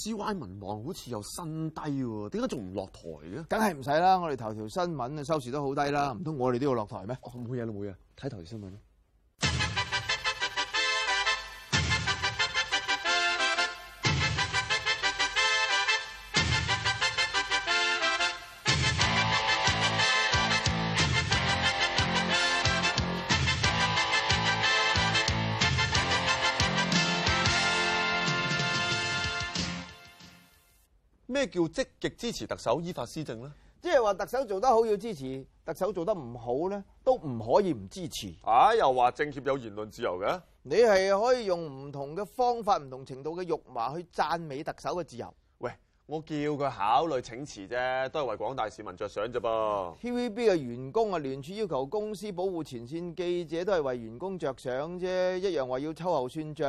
CY 民望好似又新低喎，點解仲唔落台嘅？梗係唔使啦，我哋頭條新聞嘅收視都好低啦，唔通我哋都要落台咩？哦，冇嘢啦，冇嘢，睇頭條新聞。咩叫積極支持特首依法施政呢？即係話特首做得好要支持，特首做得唔好呢都唔可以唔支持。啊，又話政協有言論自由嘅？你係可以用唔同嘅方法、唔同程度嘅辱罵去讚美特首嘅自由。喂，我叫佢考慮請辭啫，都係為廣大市民着想啫噃。TVB 嘅員工啊，聯署要求公司保護前線記者，都係為員工着想啫，一樣話要秋後算賬。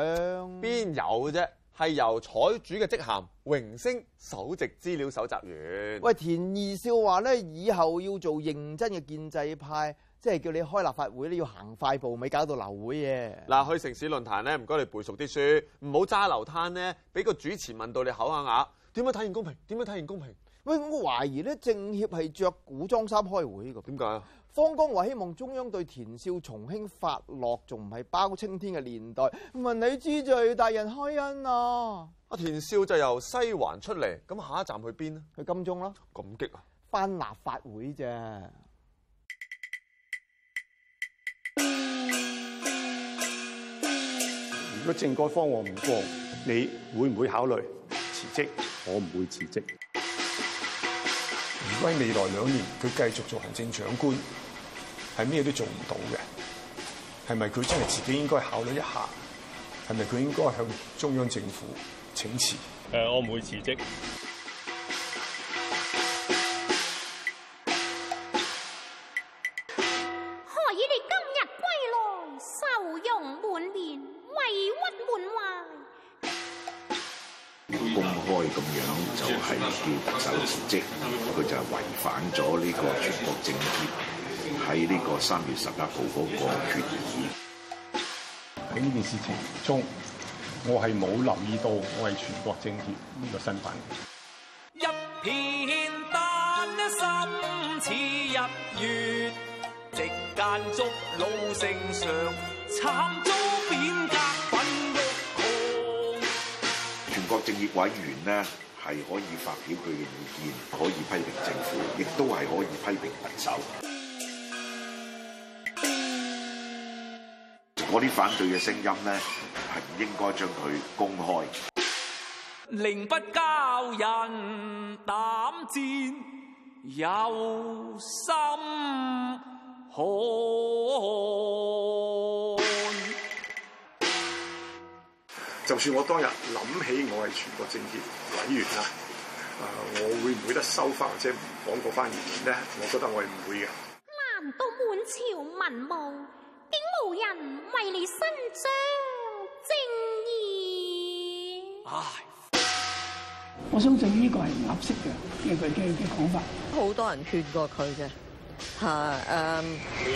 邊有啫？係由採主嘅職銜榮升首席資料搜集員。喂，田二少話咧，以後要做認真嘅建制派，即係叫你開立法會咧要行快步，咪搞到流會嘅。嗱，去城市論壇咧，唔該你背熟啲書，唔好揸流攤咧，俾個主持問到你口下牙，點樣體現公平？點樣體現公平？喂，我懷疑咧，政協係着古裝衫開會個，點解？方剛話希望中央對田少從輕發落，仲唔係包青天嘅年代？問你知罪，大人開恩啊！阿田少就由西環出嚟，咁下一站去邊咧？去金鐘啦！感激啊！返立法會啫。如果政改方案唔過，你會唔會考慮辭職？我唔會辭職。如果未來兩年佢繼續做行政長官，係咩都做唔到嘅？係咪佢真係自己應該考慮一下？係咪佢應該向中央政府請辭？誒，我唔會辭職。即佢就係違反咗呢個全國政協喺呢個三月十一號嗰個決議。喺呢件事情中，我係冇留意到我係全國政協呢個身份。一片丹心似日月，直間祝老成上，慘遭變革困局窮。全國政協委員呢，係可以發表佢嘅意見，可以批評政府，亦都係可以批評特首。我啲 反對嘅聲音呢，係唔應該將佢公開。寧不教人膽戰，有心可。」就算我當日諗起我係全國政協委員啦，啊、呃，我會唔會得收翻或者唔講過翻言論咧？我覺得我係唔會嘅。難道滿朝文武竟無人為你伸張正義？唉，我相信呢個係唔合適嘅呢、呢個嘅講、呢個、法。好多人勸過佢嘅嚇，誒，你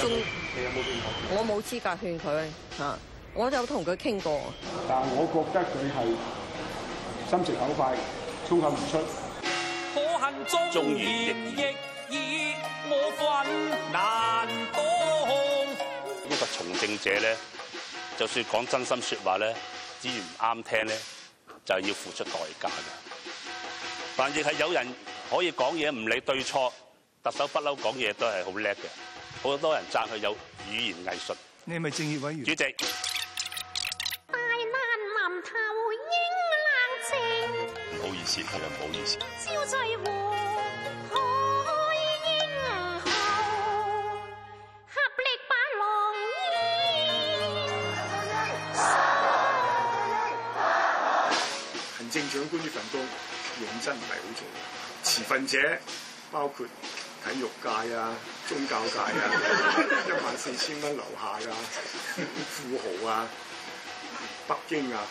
有冇，仲、啊呃、我冇資格勸佢嚇。啊。我就同佢傾過，但係我覺得佢係心直口快，衝口而出。縱然亦熱，我憤難當。呢個從政者咧，就算講真心說話咧，只然唔啱聽咧，就係要付出代價嘅。但亦係有人可以講嘢唔理對錯，特首不嬲講嘢都係好叻嘅，好多人讚佢有語言藝術。你係咪政協委員？主席。係啦，唔好意思。行政長官呢份工，認真唔係好做的。持份者包括體育界啊、宗教界啊， 一萬四千蚊樓下啊、富豪啊、北京啊。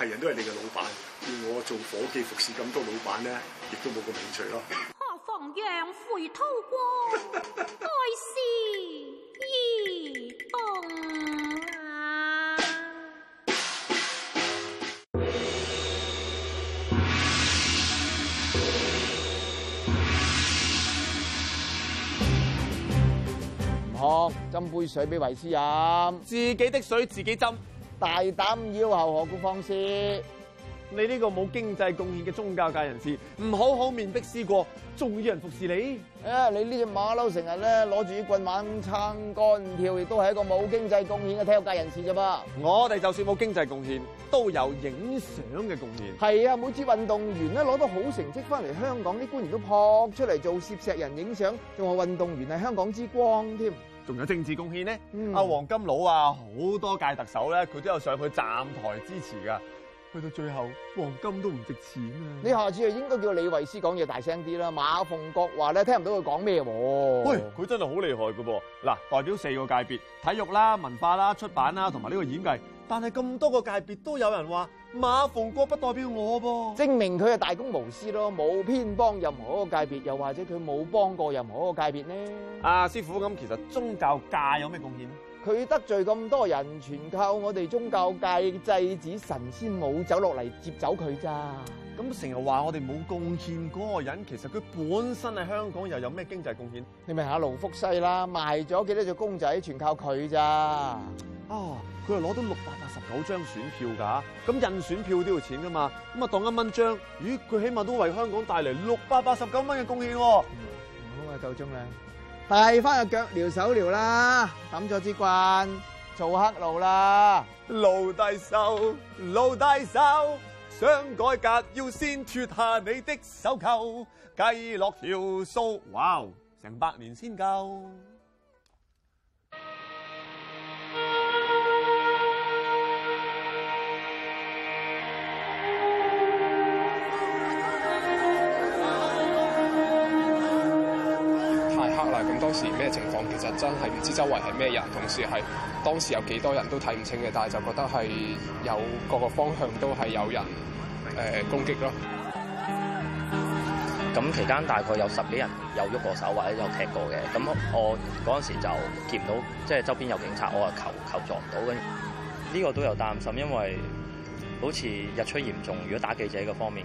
係人都係你嘅老闆，叫我做伙計服侍咁多老闆咧，亦都冇咁興趣咯。何妨讓悔滔過，愛絲依動啊！唔好、啊、斟杯水俾維斯飲，自己的水自己斟。大膽妖猴，何故放肆？你呢個冇經濟貢獻嘅宗教界人士，唔好好面壁思過，仲要人服侍你？誒、哎，你呢隻馬騮成日咧攞住棍猛撐桿跳，亦都係一個冇經濟貢獻嘅體育界人士咋噃？我哋就算冇經濟貢獻，都有影相嘅貢獻。係啊，每次運動員咧攞到好成績翻嚟，香港啲官員都撲出嚟做攝石人影相，仲話運動員係香港之光添。仲有政治貢獻呢？阿、嗯、黃金佬啊，好多屆特首咧，佢都有上去站台支持噶。去到最後，黃金都唔值錢啊！你下次啊，應該叫李維斯講嘢大聲啲啦。馬鳳國話咧，聽唔到佢講咩喎？喂，佢真係好厲害㗎噃。嗱、啊，代表四個界別，體育啦、文化啦、出版啦，同埋呢個演藝。但係咁多個界別都有人話馬逢國不代表我噃，證明佢係大公無私咯，冇偏幫任何一個界別，又或者佢冇幫過任何一個界別呢。阿、啊、師傅咁、嗯，其實宗教界有咩貢獻？佢得罪咁多人，全靠我哋宗教界祭祀神仙冇走落嚟接走佢咋。咁成日話我哋冇貢獻嗰個人，其實佢本身喺香港又有咩經濟貢獻？你咪下盧福西啦，賣咗幾多隻公仔，全靠佢咋。啊！佢係攞到六百八十九張選票㗎，咁印選票都要錢㗎嘛，咁啊當一蚊張，咦佢起碼都為香港帶嚟六百八十九蚊嘅貢獻喎。唔好啊，夠鐘啦，大翻嘅腳撩手撩啦，揼咗支棍做黑奴啦，盧大壽，盧大壽，想改革要先脫下你的手扣，計落條數，哇哦，成百年先夠。咁當時咩情況？其實真係唔知周圍係咩人，同時係當時有幾多人都睇唔清嘅，但係就覺得係有各個方向都係有人、呃、攻擊咯。咁期間大概有十幾人有喐過手或者有踢過嘅。咁我嗰陣時就見唔到，即係周邊有警察，我啊求求助唔到，跟住呢個都有擔心，因為好似日趨嚴重，如果打記者嘅方面。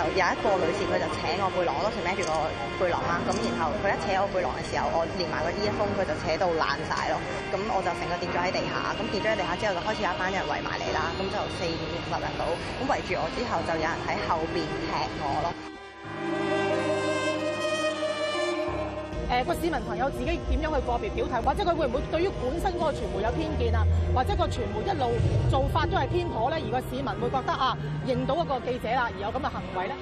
有一個女士，佢就扯我背囊，背我當時孭住個背囊啦，咁然後佢一扯我的背囊嘅時候，我連埋個衣櫥，佢就扯到爛晒咯。咁我就成個跌咗喺地下，咁跌咗喺地下之後，就開始有一班人圍埋嚟啦。咁就四五十人到，咁圍住我之後，就有人喺後邊踢我咯。誒個市民朋友自己點樣去個別表態，或者佢會唔會對於本身嗰個傳媒有偏見啊？或者個傳媒一路做法都係偏頗咧，而個市民會覺得啊，認到一個記者啦，而有咁嘅行為咧。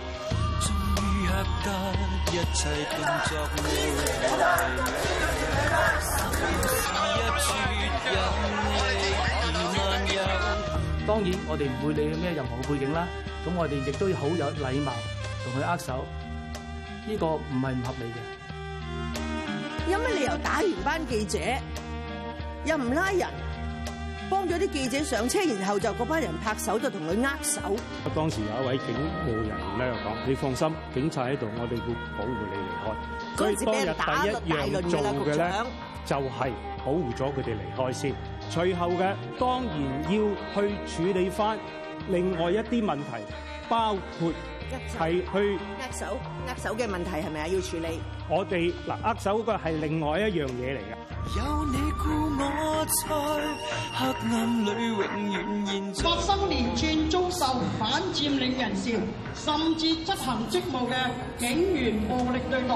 當然，我哋唔會理咩任何嘅背景啦。咁 我哋亦都要好有禮貌同佢握手，呢、這個唔係唔合理嘅。有乜理由打完班記者又唔拉人？幫咗啲記者上車，然後就嗰班人拍手，就同佢握手。當時有一位警務人員喺度講：「你放心，警察喺度，我哋會保護你離開。」所以當日第一樣做嘅咧，就係保護咗佢哋離開先。隨後嘅當然要去處理翻另外一啲問題，包括一齊去握手。握手嘅問題係咪啊？要處理。我哋嗱握手嗰個係另外一樣嘢嚟嘅。有你估我猜，黑暗裡永遠…發生連串遭受反佔領人士甚至執行職務嘅警員暴力對待，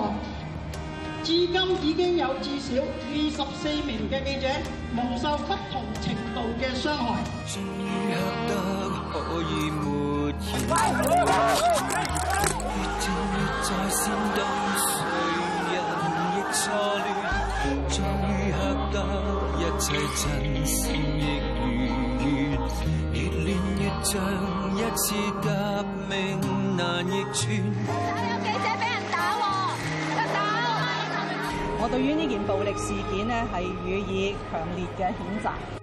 至今已經有至少二十四名嘅記者蒙受不同程度嘅傷害。在心端，誰人亦錯亂，終於吓得一切真相亦亂，越亂越像一次革命難逆轉。我對於呢件暴力事件呢，係予以強烈嘅譴責。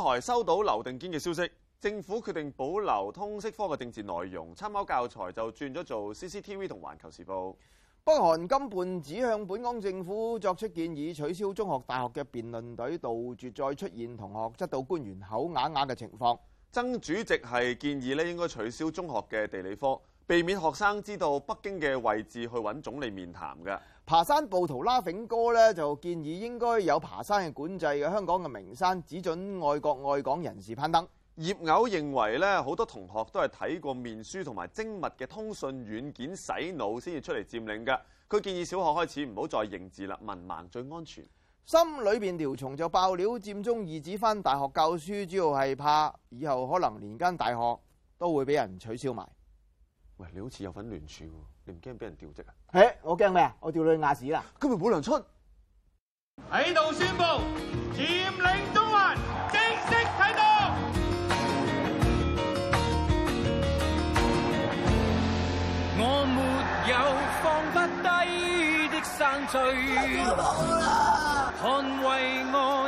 台收到劉定堅嘅消息，政府決定保留通識科嘅政治內容，參考教材就轉咗做 CCTV 同環球時報。北韓金半指向本港政府作出建議，取消中學、大學嘅辯論隊，杜絕再出現同學質到官員口啞啞嘅情況。曾主席係建議咧，應該取消中學嘅地理科，避免學生知道北京嘅位置去揾總理面談嘅。爬山暴徒拉炳哥咧就建議應該有爬山嘅管制嘅香港嘅名山，只准愛國愛港人士攀登。葉偶認為咧，好多同學都係睇過面書同埋精密嘅通訊軟件洗腦先至出嚟佔領嘅。佢建議小學開始唔好再認字啦，文盲最安全。心裏邊苗蟲就爆料，佔中二子翻大學教書，主要係怕以後可能連間大學都會俾人取消埋。喂，你好似有份聯署喎。你唔驚俾人調職啊？誒，我驚咩啊？我調你去亞視啦！今日冇梁春喺度宣佈佔領中環，正式啟動，嗯嗯。我沒有放不低的山墜，捍衛我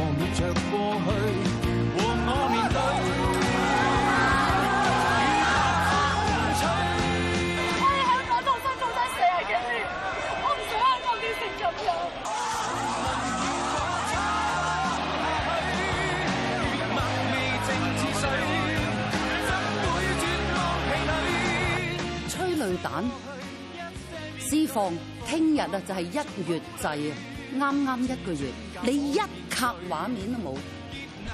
就係、是、一月制啊！啱啱一個月，你一格畫面都冇。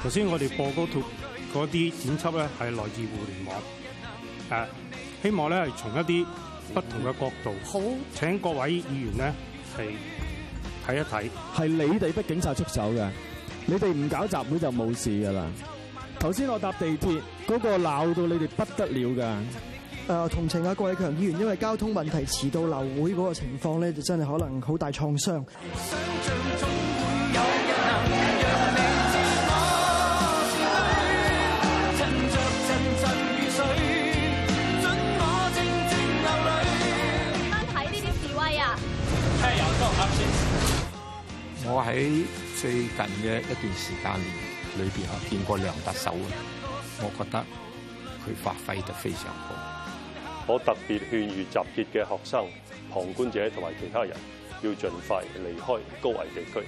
頭先我哋播嗰套嗰啲剪輯咧，係來自互聯網。誒、啊，希望咧係從一啲不同嘅角度，好請各位議員咧係睇一睇。係你哋逼警察出手嘅，你哋唔搞集會就冇事㗎喇。頭先我搭地鐵嗰、那個鬧到你哋不得了㗎。誒，同情阿郭偉強議員，因為交通問題遲到留會嗰個情況咧，就真係可能好大創傷。睇呢啲示威啊！我喺最近嘅一段時間裏邊，啊，見過梁特首啊，我覺得佢發揮得非常好。我特別勸喻集結嘅學生、旁觀者同埋其他人，要盡快離開高危地區。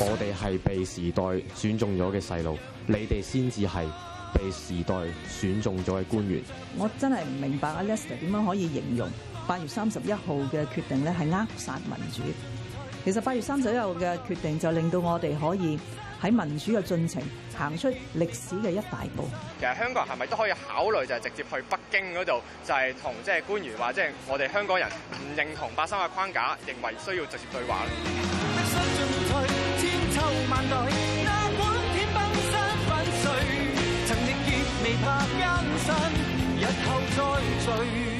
我哋係被時代選中咗嘅細路，你哋先至係被時代選中咗嘅官員。我真係唔明白啊 Lester 點樣可以形容？八月三十一號嘅決定咧，係扼殺民主。其實八月三十一號嘅決定就令到我哋可以喺民主嘅進程行出歷史嘅一大步。其實香港人係咪都可以考慮就係直接去北京嗰度，就係同即係官員話，即係我哋香港人唔認同《八三》嘅框架，認為需要直接對話呢？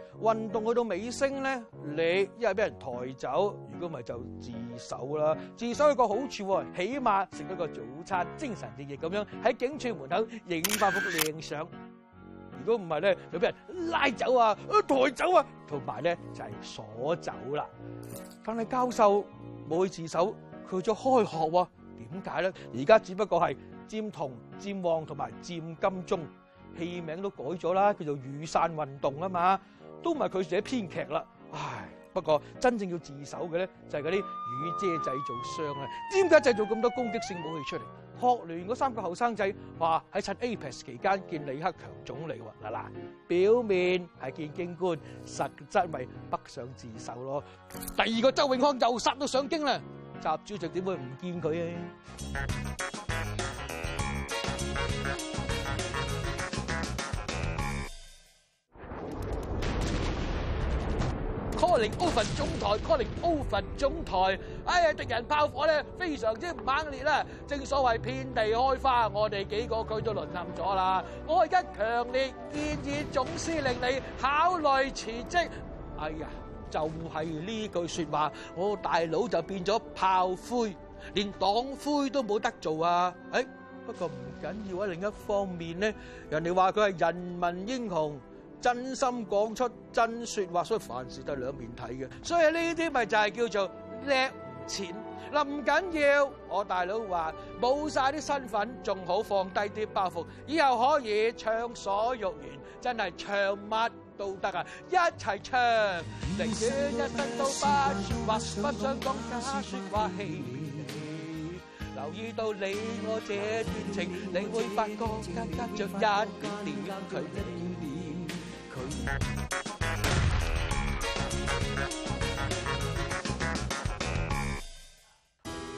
運動去到尾聲咧，你一係俾人抬走，如果唔係就自首啦。自首有個好處喎，起碼食一個早餐，精神奕奕咁樣喺警署門口影翻幅靚相。如果唔係咧，就俾人拉走啊，啊抬走啊，同埋咧就係鎖走啦。但係教授冇去自首，佢再開學喎？點解咧？而家只不過係佔中同佔旺同埋佔金鐘，戲名都改咗啦，叫做雨傘運動啊嘛。都唔係佢自己編劇啦，唉！不過真正要自首嘅咧，就係嗰啲雨遮製造商啊，點解製造咁多攻擊性武器出嚟？學聯嗰三個後生仔話喺趁 APEC 期間見李克強總理喎，嗱嗱，表面係見京官，實質咪北上自首咯。第二個周永康又殺到上京啦，習主席點會唔見佢啊？Calling Oven 總台 Calling Oven 總台，哎呀，敵人炮火咧非常之猛烈啦，正所謂遍地開花，我哋幾個佢都淪陷咗啦。我而家強烈建議總司令你考慮辭職。哎呀，就係、是、呢句說話，我大佬就變咗炮灰，連黨魁都冇得做啊！誒、哎，不過唔緊要啊。另一方面咧，人哋話佢係人民英雄。真心講出真説話，所以凡事都兩面睇嘅。所以呢啲咪就係叫做叻錢嗱，唔緊要。我大佬話冇晒啲身份，仲好放低啲包袱，以後可以暢所欲言，真係唱乜都得啊！一齊唱，嗯，寧願一生都不說話，不想講假説話欺騙你。留意到你我這段情，你會發覺緊緊著一點點。點點。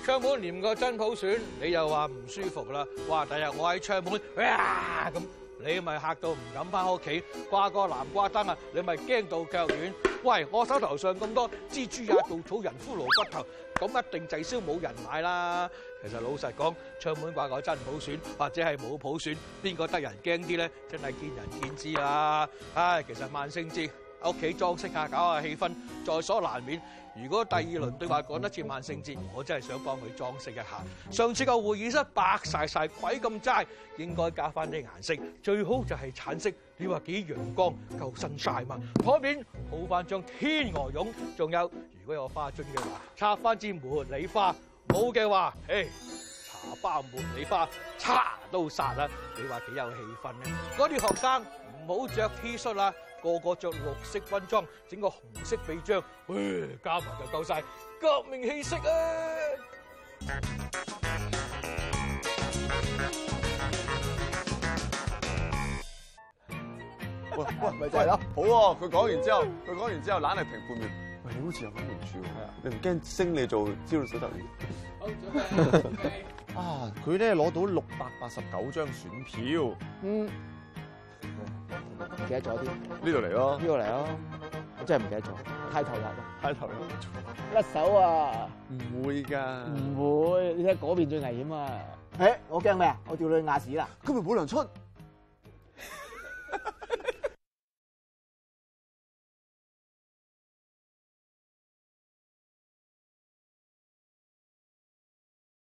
唱盤連個真普選，你又話唔舒服啦，哇！第日我喺唱盤，咁你咪吓到唔敢翻屋企，掛個南瓜燈啊，你咪驚到腳軟，喂，我手頭上咁多蜘蛛啊，稻草人、骷髏骨頭。咁一定滯銷冇人買啦。其實老實講，唱本掛我真係普選，或者係冇普選，邊個得人驚啲咧？真係見仁見智啊。唉，其實萬聖節屋企裝飾下，搞下氣氛，在所難免。如果第二輪對話講得似萬聖節，我真係想幫佢裝飾一下。上次個會議室白晒晒，鬼咁齋，應該加翻啲顏色，最好就係橙色。你話幾陽光，夠新晒嘛？可免好翻張天鵝絨，仲有。如果有花樽嘅話，插翻支茉莉花。冇嘅話，誒，茶包茉莉花，插都殺啦！你話幾有氣氛啊？嗰啲學生唔好着 T 恤啦，個個着綠色軍裝，整個紅色臂章，哎，加埋就夠晒革命氣息啊！喂 喂，咪就係咯，好喎、啊！佢講完之後，佢講完之後，懶係停半秒。喂，你好似有咁部住喎，啊，你唔驚升你做招數主任？好準備 啊！佢咧攞到六百八十九張選票，嗯，唔記得咗啲呢度嚟咯，呢度嚟咯，我真係唔記得咗，太投入咯，太投入，甩手啊！唔會㗎，唔會，你睇下嗰邊最危險啊！誒、欸，我驚咩啊？我你去亞視啦！今日冇糧出。